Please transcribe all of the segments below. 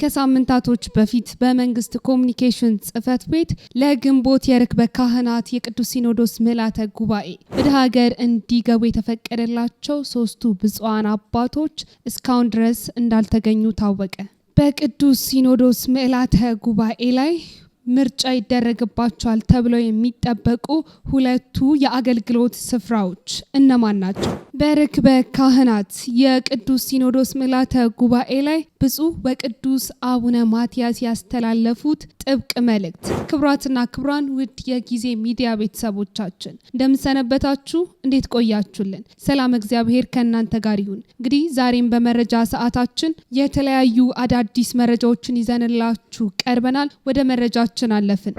ከሳምንታቶች በፊት በመንግስት ኮሚኒኬሽን ጽህፈት ቤት ለግንቦት የርክበ ካህናት የቅዱስ ሲኖዶስ ምልዓተ ጉባኤ ወደ ሀገር እንዲገቡ የተፈቀደላቸው ሶስቱ ብፁዓን አባቶች እስካሁን ድረስ እንዳልተገኙ ታወቀ። በቅዱስ ሲኖዶስ ምልዓተ ጉባኤ ላይ ምርጫ ይደረግባቸዋል ተብለው የሚጠበቁ ሁለቱ የአገልግሎት ስፍራዎች እነማን ናቸው? በርክበ ካህናት የቅዱስ ሲኖዶስ ምልዓተ ጉባኤ ላይ ብፁዕ ወቅዱስ አቡነ ማትያስ ያስተላለፉት ጥብቅ መልእክት። ክብራትና ክብራን ውድ የጊዜ ሚዲያ ቤተሰቦቻችን እንደምንሰነበታችሁ፣ እንዴት ቆያችሁልን? ሰላም እግዚአብሔር ከእናንተ ጋር ይሁን። እንግዲህ ዛሬም በመረጃ ሰዓታችን የተለያዩ አዳዲስ መረጃዎችን ይዘንላችሁ ቀርበናል። ወደ መረጃ ህይወታችን አለፍን።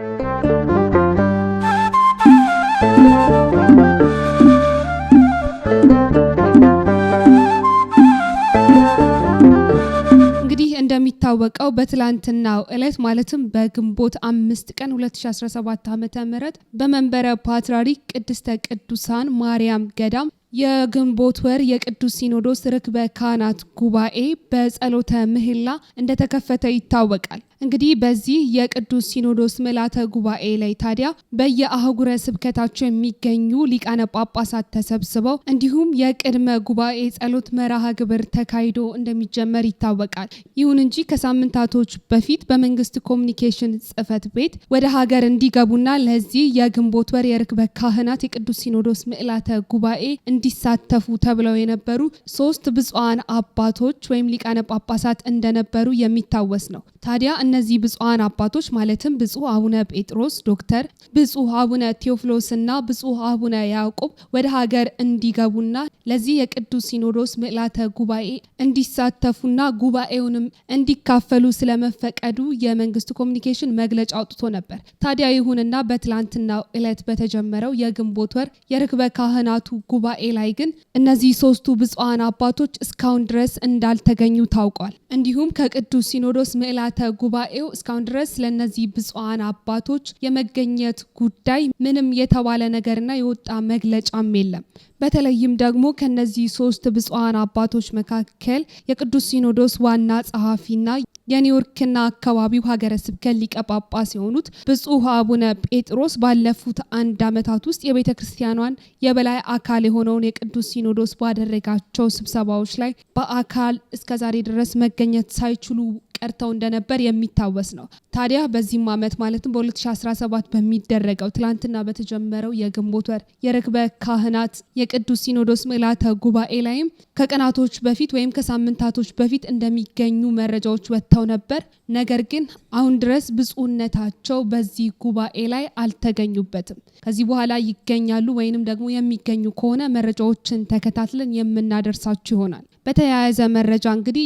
እንደሚታወቀው በትላንትናው ዕለት ማለትም በግንቦት አምስት ቀን 2017 ዓ.ም በመንበረ ፓትርያርክ ቅድስተ ቅዱሳን ማርያም ገዳም የግንቦት ወር የቅዱስ ሲኖዶስ ርክበ ካህናት ጉባኤ በጸሎተ ምህላ እንደተከፈተ ይታወቃል። እንግዲህ በዚህ የቅዱስ ሲኖዶስ ምልዓተ ጉባኤ ላይ ታዲያ በየአህጉረ ስብከታቸው የሚገኙ ሊቃነ ጳጳሳት ተሰብስበው እንዲሁም የቅድመ ጉባኤ ጸሎት መርሃ ግብር ተካሂዶ እንደሚጀመር ይታወቃል። ይሁን እንጂ ከሳምንታቶች በፊት በመንግስት ኮሚኒኬሽን ጽፈት ቤት ወደ ሀገር እንዲገቡና ለዚህ የግንቦት ወር የርክበ ካህናት የቅዱስ ሲኖዶስ ምልዓተ ጉባኤ እንዲሳተፉ ተብለው የነበሩ ሶስት ብፁዓን አባቶች ወይም ሊቃነ ጳጳሳት እንደነበሩ የሚታወስ ነው። ታዲያ እነዚህ ብፁዓን አባቶች ማለትም ብፁዕ አቡነ ጴጥሮስ ዶክተር፣ ብፁዕ አቡነ ቴዎፍሎስና ብፁዕ አቡነ ያዕቆብ ወደ ሀገር እንዲገቡና ለዚህ የቅዱስ ሲኖዶስ ምዕላተ ጉባኤ እንዲሳተፉና ጉባኤውንም እንዲካፈሉ ስለመፈቀዱ የመንግስት ኮሚኒኬሽን መግለጫ አውጥቶ ነበር። ታዲያ ይሁንና በትላንትናው ዕለት በተጀመረው የግንቦት ወር የርክበ ካህናቱ ጉባኤ ላይ ግን እነዚህ ሶስቱ ብፁዓን አባቶች እስካሁን ድረስ እንዳልተገኙ ታውቋል። እንዲሁም ከቅዱስ ሲኖዶስ ምዕላተ ጉባኤው እስካሁን ድረስ ለእነዚህ ብፁዓን አባቶች የመገኘት ጉዳይ ምንም የተባለ ነገርና የወጣ መግለጫም የለም። በተለይም ደግሞ ከነዚህ ሶስት ብፁዓን አባቶች መካከል የቅዱስ ሲኖዶስ ዋና ጸሐፊና የኒውዮርክና አካባቢው ሀገረ ስብከት ሊቀ ጳጳስ የሆኑት ብጹህ አቡነ ጴጥሮስ ባለፉት አንድ ዓመታት ውስጥ የቤተ ክርስቲያኗን የበላይ አካል የሆነውን የቅዱስ ሲኖዶስ ባደረጋቸው ስብሰባዎች ላይ በአካል እስከዛሬ ድረስ መገኘት ሳይችሉ ቀርተው እንደነበር የሚታወስ ነው። ታዲያ በዚህም ዓመት ማለትም በ2017 በሚደረገው ትላንትና በተጀመረው የግንቦት ወር የርክበ ካህናት የቅዱስ ሲኖዶስ ምልዓተ ጉባኤ ላይም ከቀናቶች በፊት ወይም ከሳምንታቶች በፊት እንደሚገኙ መረጃዎች ወጥተው ነበር። ነገር ግን አሁን ድረስ ብፁዕነታቸው በዚህ ጉባኤ ላይ አልተገኙበትም። ከዚህ በኋላ ይገኛሉ ወይንም ደግሞ የሚገኙ ከሆነ መረጃዎችን ተከታትለን የምናደርሳችሁ ይሆናል። በተያያዘ መረጃ እንግዲህ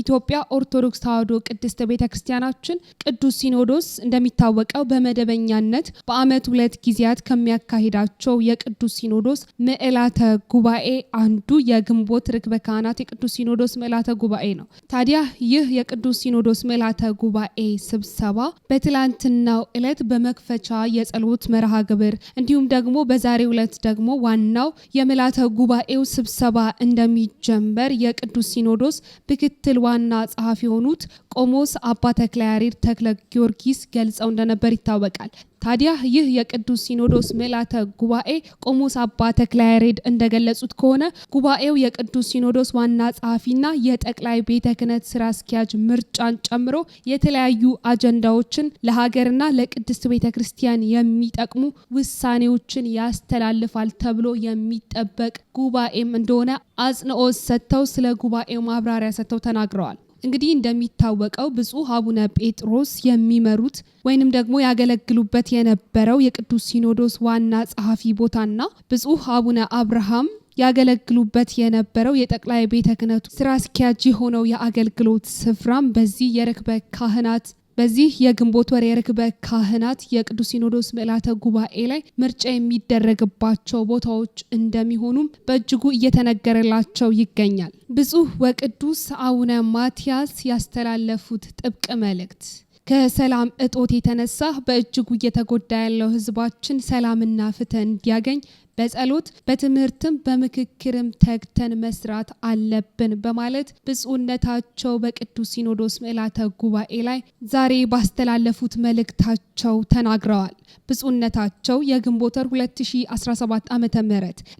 ኢትዮጵያ ኦርቶዶክስ ተዋሕዶ ቅድስት ቤተ ክርስቲያናችን ቅዱስ ሲኖዶስ እንደሚታወቀው በመደበኛነት በዓመት ሁለት ጊዜያት ከሚያካሂዳቸው የቅዱስ ሲኖዶስ ምዕላተ ጉባኤ አንዱ የግንቦት ርክበ ካህናት የቅዱስ ሲኖዶስ ምዕላተ ጉባኤ ነው። ታዲያ ይህ የቅዱስ ሲኖዶስ ምዕላተ ጉባኤ ስብሰባ በትላንትናው ዕለት በመክፈቻ የጸሎት መርሃ ግብር እንዲሁም ደግሞ በዛሬ ዕለት ደግሞ ዋናው የምዕላተ ጉባኤው ስብሰባ እንደሚጀመር የቅዱስ ሲኖዶስ ምክትል ዋና ጸሐፊ የሆኑት ቆሞስ አባ ተክለ ያሬድ ተክለ ጊዮርጊስ ገልጸው እንደነበር ይታወቃል። ታዲያ ይህ የቅዱስ ሲኖዶስ ምልዓተ ጉባኤ ቆሞስ አባ ተክለ ያሬድ እንደገለጹት ከሆነ ጉባኤው የቅዱስ ሲኖዶስ ዋና ጸሐፊና የጠቅላይ ቤተ ክህነት ስራ አስኪያጅ ምርጫን ጨምሮ የተለያዩ አጀንዳዎችን ለሀገርና ለቅድስት ቤተ ክርስቲያን የሚጠቅሙ ውሳኔዎችን ያስተላልፋል ተብሎ የሚጠበቅ ጉባኤም እንደሆነ አጽንኦት ሰጥተው ስለ ጉባኤው ማብራሪያ ሰጥተው ተናግረዋል። እንግዲህ እንደሚታወቀው ብፁዕ አቡነ ጴጥሮስ የሚመሩት ወይንም ደግሞ ያገለግሉበት የነበረው የቅዱስ ሲኖዶስ ዋና ጸሐፊ ቦታና ብፁዕ አቡነ አብርሃም ያገለግሉበት የነበረው የጠቅላይ ቤተ ክህነቱ ስራ አስኪያጅ የሆነው የአገልግሎት ስፍራም በዚህ የርክበ ካህናት በዚህ የግንቦት ወር የርክበ ካህናት የቅዱስ ሲኖዶስ ምዕላተ ጉባኤ ላይ ምርጫ የሚደረግባቸው ቦታዎች እንደሚሆኑም በእጅጉ እየተነገረላቸው ይገኛል። ብጹህ ወቅዱስ አቡነ ማትያስ ያስተላለፉት ጥብቅ መልእክት ከሰላም እጦት የተነሳ በእጅጉ እየተጎዳ ያለው ሕዝባችን ሰላምና ፍትህ እንዲያገኝ በጸሎት በትምህርትም በምክክርም ተግተን መስራት አለብን በማለት ብፁዕነታቸው በቅዱስ ሲኖዶስ ምዕላተ ጉባኤ ላይ ዛሬ ባስተላለፉት መልእክታቸው ተናግረዋል። ብፁዕነታቸው የግንቦት ወር 2017 ዓ ም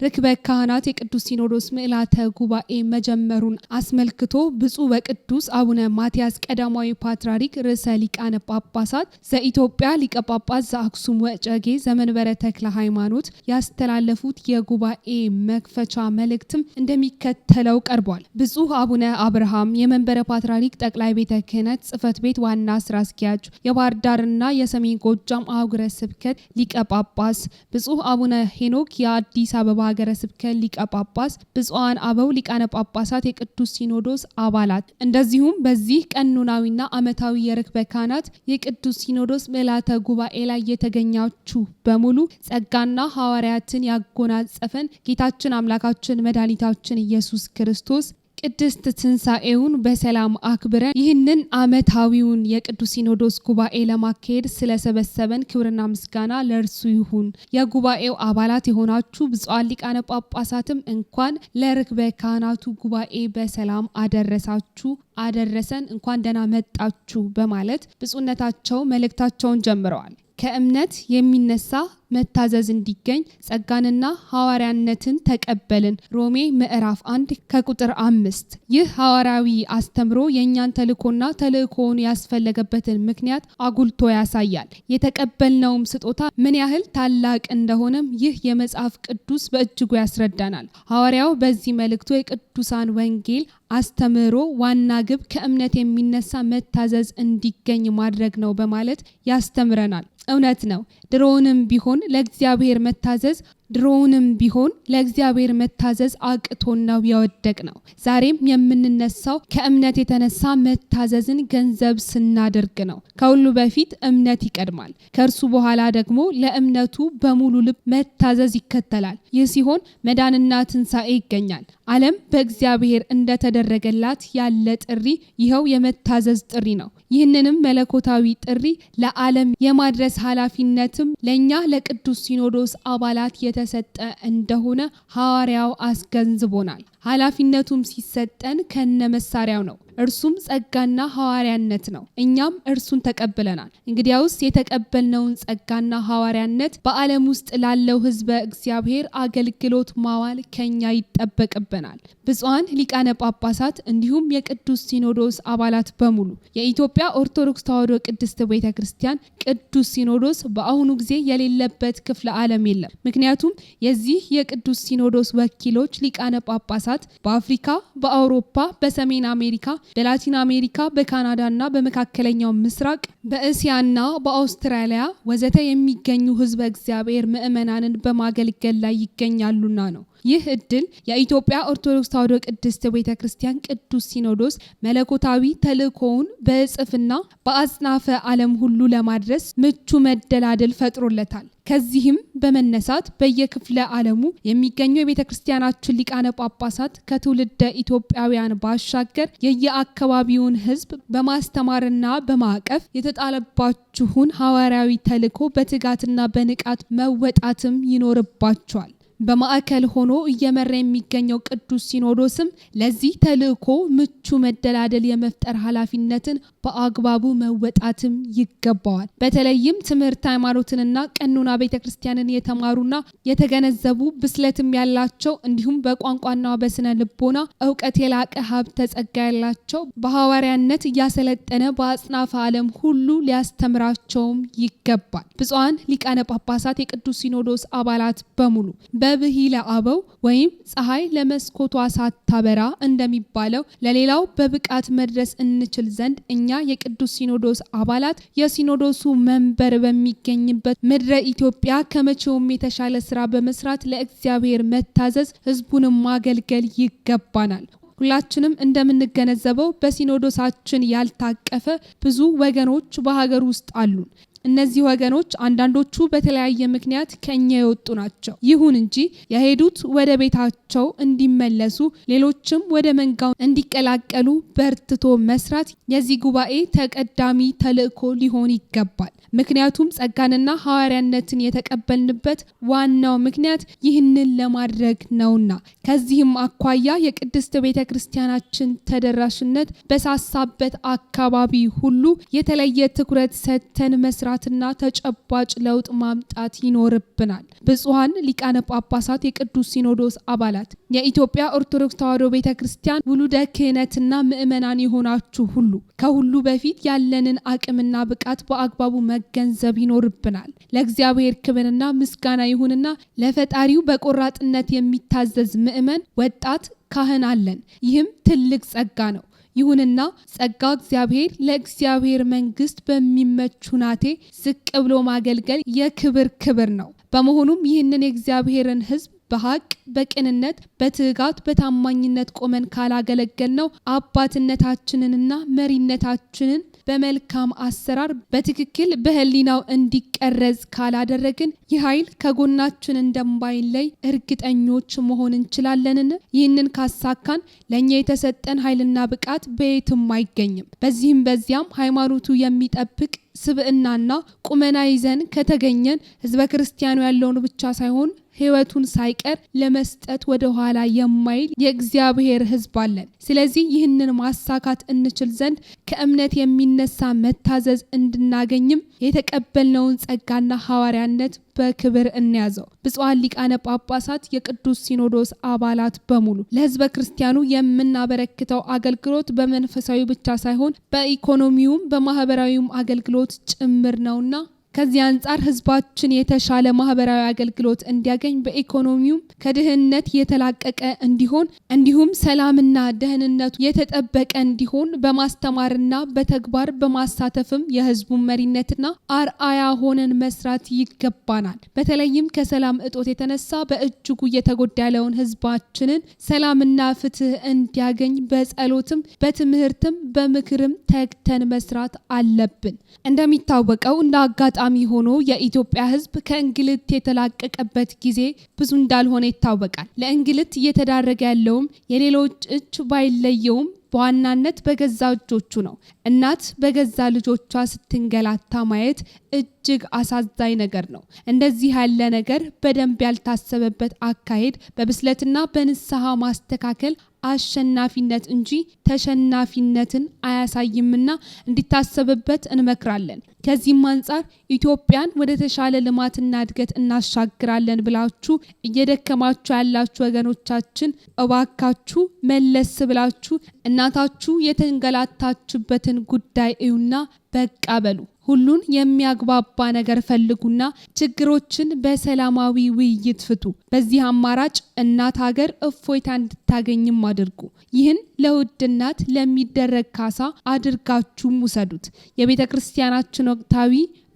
ርክበ ካህናት የቅዱስ ሲኖዶስ ምዕላተ ጉባኤ መጀመሩን አስመልክቶ ብፁዕ በቅዱስ አቡነ ማትያስ ቀዳማዊ ፓትርያርክ ርዕሰ ሊቃነ ጳጳሳት ዘኢትዮጵያ ሊቀ ጳጳስ ዘአክሱም ወጨጌ ዘመንበረ ተክለ ሃይማኖት ያስተላል ያስተላለፉት የጉባኤ መክፈቻ መልእክትም እንደሚከተለው ቀርቧል። ብፁዕ አቡነ አብርሃም የመንበረ ፓትርያርክ ጠቅላይ ቤተ ክህነት ጽሕፈት ቤት ዋና ስራ አስኪያጅ፣ የባህር ዳርና የሰሜን ጎጃም አህጉረ ስብከት ሊቀ ጳጳስ፣ ብፁዕ አቡነ ሄኖክ የአዲስ አበባ ሀገረ ስብከት ሊቀ ጳጳስ፣ ብፁዓን አበው ሊቃነ ጳጳሳት የቅዱስ ሲኖዶስ አባላት እንደዚሁም በዚህ ቀኖናዊና ዓመታዊ የርክበ ካህናት የቅዱስ ሲኖዶስ ምልዓተ ጉባኤ ላይ የተገኛችሁ በሙሉ ጸጋና ሐዋርያትን ያጎናጸፈን ጌታችን አምላካችን መድኃኒታችን ኢየሱስ ክርስቶስ ቅድስት ትንሣኤውን በሰላም አክብረን ይህንን ዓመታዊውን የቅዱስ ሲኖዶስ ጉባኤ ለማካሄድ ስለሰበሰበን ክብርና ምስጋና ለእርሱ ይሁን። የጉባኤው አባላት የሆናችሁ ብፁዓን ሊቃነ ጳጳሳትም እንኳን ለርክበ ካህናቱ ጉባኤ በሰላም አደረሳችሁ አደረሰን፣ እንኳን ደህና መጣችሁ በማለት ብፁዕነታቸው መልእክታቸውን ጀምረዋል። ከእምነት የሚነሳ መታዘዝ እንዲገኝ ጸጋንና ሐዋርያነትን ተቀበልን። ሮሜ ምዕራፍ 1 ከቁጥር አምስት ይህ ሐዋርያዊ አስተምሮ የእኛን ተልእኮና ተልእኮውን ያስፈለገበትን ምክንያት አጉልቶ ያሳያል። የተቀበልነውም ስጦታ ምን ያህል ታላቅ እንደሆነም ይህ የመጽሐፍ ቅዱስ በእጅጉ ያስረዳናል። ሐዋርያው በዚህ መልእክቱ የቅዱሳን ወንጌል አስተምህሮ ዋና ግብ ከእምነት የሚነሳ መታዘዝ እንዲገኝ ማድረግ ነው በማለት ያስተምረናል። እውነት ነው። ድሮውንም ቢሆን ለእግዚአብሔር መታዘዝ ድሮውንም ቢሆን ለእግዚአብሔር መታዘዝ አቅቶን ነው የወደቅ ነው። ዛሬም የምንነሳው ከእምነት የተነሳ መታዘዝን ገንዘብ ስናደርግ ነው። ከሁሉ በፊት እምነት ይቀድማል። ከእርሱ በኋላ ደግሞ ለእምነቱ በሙሉ ልብ መታዘዝ ይከተላል። ይህ ሲሆን መዳንና ትንሣኤ ይገኛል። ዓለም በእግዚአብሔር እንደተደረገላት ያለ ጥሪ ይኸው የመታዘዝ ጥሪ ነው። ይህንንም መለኮታዊ ጥሪ ለዓለም የማድረስ ኃላፊነትም ለእኛ ለቅዱስ ሲኖዶስ አባላት የተሰጠ እንደሆነ ሐዋርያው አስገንዝቦናል። ኃላፊነቱም ሲሰጠን ከነ መሳሪያው ነው። እርሱም ጸጋና ሐዋርያነት ነው። እኛም እርሱን ተቀብለናል። እንግዲያውስ የተቀበልነውን ጸጋና ሐዋርያነት በዓለም ውስጥ ላለው ሕዝበ እግዚአብሔር አገልግሎት ማዋል ከኛ ይጠበቅብናል። ብፁዓን ሊቃነ ጳጳሳት እንዲሁም የቅዱስ ሲኖዶስ አባላት በሙሉ የኢትዮጵያ ኦርቶዶክስ ተዋሕዶ ቅድስት ቤተ ክርስቲያን ቅዱስ ሲኖዶስ በአሁኑ ጊዜ የሌለበት ክፍለ ዓለም የለም። ምክንያቱም የዚህ የቅዱስ ሲኖዶስ ወኪሎች ሊቃነ ጳጳሳት ሀገራት በአፍሪካ፣ በአውሮፓ፣ በሰሜን አሜሪካ፣ በላቲን አሜሪካ፣ በካናዳ እና በመካከለኛው ምስራቅ፣ በእስያ እና በአውስትራሊያ ወዘተ የሚገኙ ህዝበ እግዚአብሔር ምእመናንን በማገልገል ላይ ይገኛሉና ነው። ይህ እድል የኢትዮጵያ ኦርቶዶክስ ተዋሕዶ ቅድስት ቤተ ክርስቲያን ቅዱስ ሲኖዶስ መለኮታዊ ተልእኮውን በእጽፍና በአጽናፈ ዓለም ሁሉ ለማድረስ ምቹ መደላደል ፈጥሮለታል። ከዚህም በመነሳት በየክፍለ ዓለሙ የሚገኙ የቤተ ክርስቲያናችን ሊቃነ ጳጳሳት ከትውልደ ኢትዮጵያውያን ባሻገር የየአካባቢውን ሕዝብ በማስተማርና በማዕቀፍ የተጣለባችሁን ሐዋርያዊ ተልእኮ በትጋትና በንቃት መወጣትም ይኖርባቸዋል። በማዕከል ሆኖ እየመራ የሚገኘው ቅዱስ ሲኖዶስም ለዚህ ተልእኮ ምቹ መደላደል የመፍጠር ኃላፊነትን በአግባቡ መወጣትም ይገባዋል። በተለይም ትምህርት ሃይማኖትንና ቀኖና ቤተ ክርስቲያንን የተማሩና የተገነዘቡ ብስለትም ያላቸው እንዲሁም በቋንቋና በስነ ልቦና እውቀት የላቀ ሀብተ ጸጋ ያላቸው በሐዋርያነት እያሰለጠነ በአጽናፈ ዓለም ሁሉ ሊያስተምራቸውም ይገባል። ብፁዓን ሊቃነ ጳጳሳት፣ የቅዱስ ሲኖዶስ አባላት በሙሉ ነብሂ ለአበው ወይም ፀሐይ ለመስኮቷ ሳታበራ እንደሚባለው ለሌላው በብቃት መድረስ እንችል ዘንድ እኛ የቅዱስ ሲኖዶስ አባላት የሲኖዶሱ መንበር በሚገኝበት ምድረ ኢትዮጵያ ከመቼውም የተሻለ ስራ በመስራት ለእግዚአብሔር መታዘዝ፣ ህዝቡንም ማገልገል ይገባናል። ሁላችንም እንደምንገነዘበው በሲኖዶሳችን ያልታቀፈ ብዙ ወገኖች በሀገር ውስጥ አሉን። እነዚህ ወገኖች አንዳንዶቹ በተለያየ ምክንያት ከኛ የወጡ ናቸው። ይሁን እንጂ የሄዱት ወደ ቤታቸው እንዲመለሱ፣ ሌሎችም ወደ መንጋው እንዲቀላቀሉ በርትቶ መስራት የዚህ ጉባኤ ተቀዳሚ ተልእኮ ሊሆን ይገባል። ምክንያቱም ጸጋንና ሐዋርያነትን የተቀበልንበት ዋናው ምክንያት ይህንን ለማድረግ ነውና። ከዚህም አኳያ የቅድስት ቤተ ክርስቲያናችን ተደራሽነት በሳሳበት አካባቢ ሁሉ የተለየ ትኩረት ሰጥተን መስራት መምራትና ተጨባጭ ለውጥ ማምጣት ይኖርብናል። ብጹሃን ሊቃነ ጳጳሳት፣ የቅዱስ ሲኖዶስ አባላት፣ የኢትዮጵያ ኦርቶዶክስ ተዋሕዶ ቤተ ክርስቲያን ውሉደ ክህነትና ምእመናን የሆናችሁ ሁሉ ከሁሉ በፊት ያለንን አቅምና ብቃት በአግባቡ መገንዘብ ይኖርብናል። ለእግዚአብሔር ክብርና ምስጋና ይሁንና ለፈጣሪው በቆራጥነት የሚታዘዝ ምእመን ወጣት ካህን አለን። ይህም ትልቅ ጸጋ ነው። ይሁንና ጸጋ እግዚአብሔር ለእግዚአብሔር መንግስት በሚመቹ ናቴ ዝቅ ብሎ ማገልገል የክብር ክብር ነው። በመሆኑም ይህንን የእግዚአብሔርን ሕዝብ በሀቅ በቅንነት በትጋት በታማኝነት ቆመን ካላገለገል ነው አባትነታችንንና መሪነታችንን በመልካም አሰራር በትክክል በህሊናው እንዲቀረዝ ካላደረግን ይህ ኃይል ከጎናችን እንደማይለይ እርግጠኞች መሆን እንችላለንን? ይህንን ካሳካን ለእኛ የተሰጠን ኃይልና ብቃት በየትም አይገኝም። በዚህም በዚያም ሃይማኖቱ የሚጠብቅ ስብዕናና ቁመና ይዘን ከተገኘን ህዝበ ክርስቲያኑ ያለውን ብቻ ሳይሆን ህይወቱን ሳይቀር ለመስጠት ወደ ኋላ የማይል የእግዚአብሔር ህዝብ አለን። ስለዚህ ይህንን ማሳካት እንችል ዘንድ ከእምነት የሚነሳ መታዘዝ እንድናገኝም የተቀበልነውን ጸጋና ሐዋርያነት በክብር እንያዘው። ብፁዓን ሊቃነ ጳጳሳት፣ የቅዱስ ሲኖዶስ አባላት በሙሉ ለህዝበ ክርስቲያኑ የምናበረክተው አገልግሎት በመንፈሳዊ ብቻ ሳይሆን በኢኮኖሚውም በማህበራዊም አገልግሎት ጭምር ነውና ከዚህ አንጻር ህዝባችን የተሻለ ማህበራዊ አገልግሎት እንዲያገኝ በኢኮኖሚውም ከድህነት የተላቀቀ እንዲሆን እንዲሁም ሰላምና ደህንነቱ የተጠበቀ እንዲሆን በማስተማርና በተግባር በማሳተፍም የህዝቡን መሪነትና አርአያ ሆነን መስራት ይገባናል። በተለይም ከሰላም እጦት የተነሳ በእጅጉ እየተጎዳ ያለውን ህዝባችንን ሰላምና ፍትህ እንዲያገኝ በጸሎትም በትምህርትም በምክርም ተግተን መስራት አለብን። እንደሚታወቀው እንደ አጋጣሚ አጋጣሚ ሆኖ የኢትዮጵያ ሕዝብ ከእንግልት የተላቀቀበት ጊዜ ብዙ እንዳልሆነ ይታወቃል። ለእንግልት እየተዳረገ ያለውም የሌሎች እጅ ባይለየውም በዋናነት በገዛ እጆቹ ነው። እናት በገዛ ልጆቿ ስትንገላታ ማየት እጅግ አሳዛኝ ነገር ነው። እንደዚህ ያለ ነገር በደንብ ያልታሰበበት አካሄድ በብስለትና በንስሐ ማስተካከል አሸናፊነት እንጂ ተሸናፊነትን አያሳይምና እንዲታሰብበት እንመክራለን። ከዚህም አንጻር ኢትዮጵያን ወደ ተሻለ ልማትና እድገት እናሻግራለን ብላችሁ እየደከማችሁ ያላችሁ ወገኖቻችን እባካችሁ መለስ ብላችሁ እናታችሁ የተንገላታችሁበትን ጉዳይ እዩና በቃ በሉ። ሁሉን የሚያግባባ ነገር ፈልጉና ችግሮችን በሰላማዊ ውይይት ፍቱ። በዚህ አማራጭ እናት ሀገር እፎይታ እንድታገኝም አድርጉ። ይህን ለውድ እናት ለሚደረግ ካሳ አድርጋችሁም ውሰዱት። የቤተ ክርስቲያናችን ወቅታዊ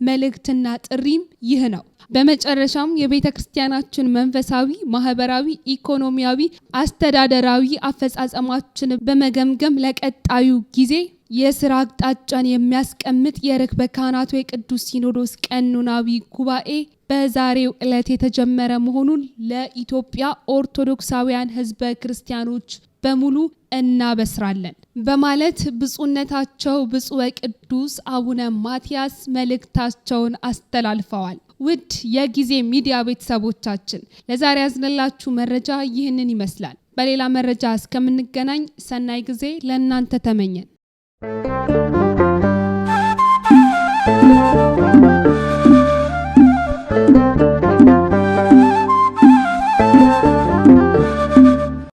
መልእክትና ጥሪም ይህ ነው። በመጨረሻም የቤተ ክርስቲያናችን መንፈሳዊ፣ ማህበራዊ፣ ኢኮኖሚያዊ፣ አስተዳደራዊ አፈጻጸማችን በመገምገም ለቀጣዩ ጊዜ የስራ አቅጣጫን የሚያስቀምጥ የርክበ ካህናቱ የቅዱስ ሲኖዶስ ቀኖናዊ ጉባኤ በዛሬው ዕለት የተጀመረ መሆኑን ለኢትዮጵያ ኦርቶዶክሳውያን ህዝበ ክርስቲያኖች በሙሉ እናበስራለን በማለት ብፁዕነታቸው ብፁዕ ወቅዱስ አቡነ ማትያስ መልእክታቸውን አስተላልፈዋል። ውድ የጊዜ ሚዲያ ቤተሰቦቻችን ለዛሬ ያዝነላችሁ መረጃ ይህንን ይመስላል። በሌላ መረጃ እስከምንገናኝ ሰናይ ጊዜ ለእናንተ ተመኘን። Música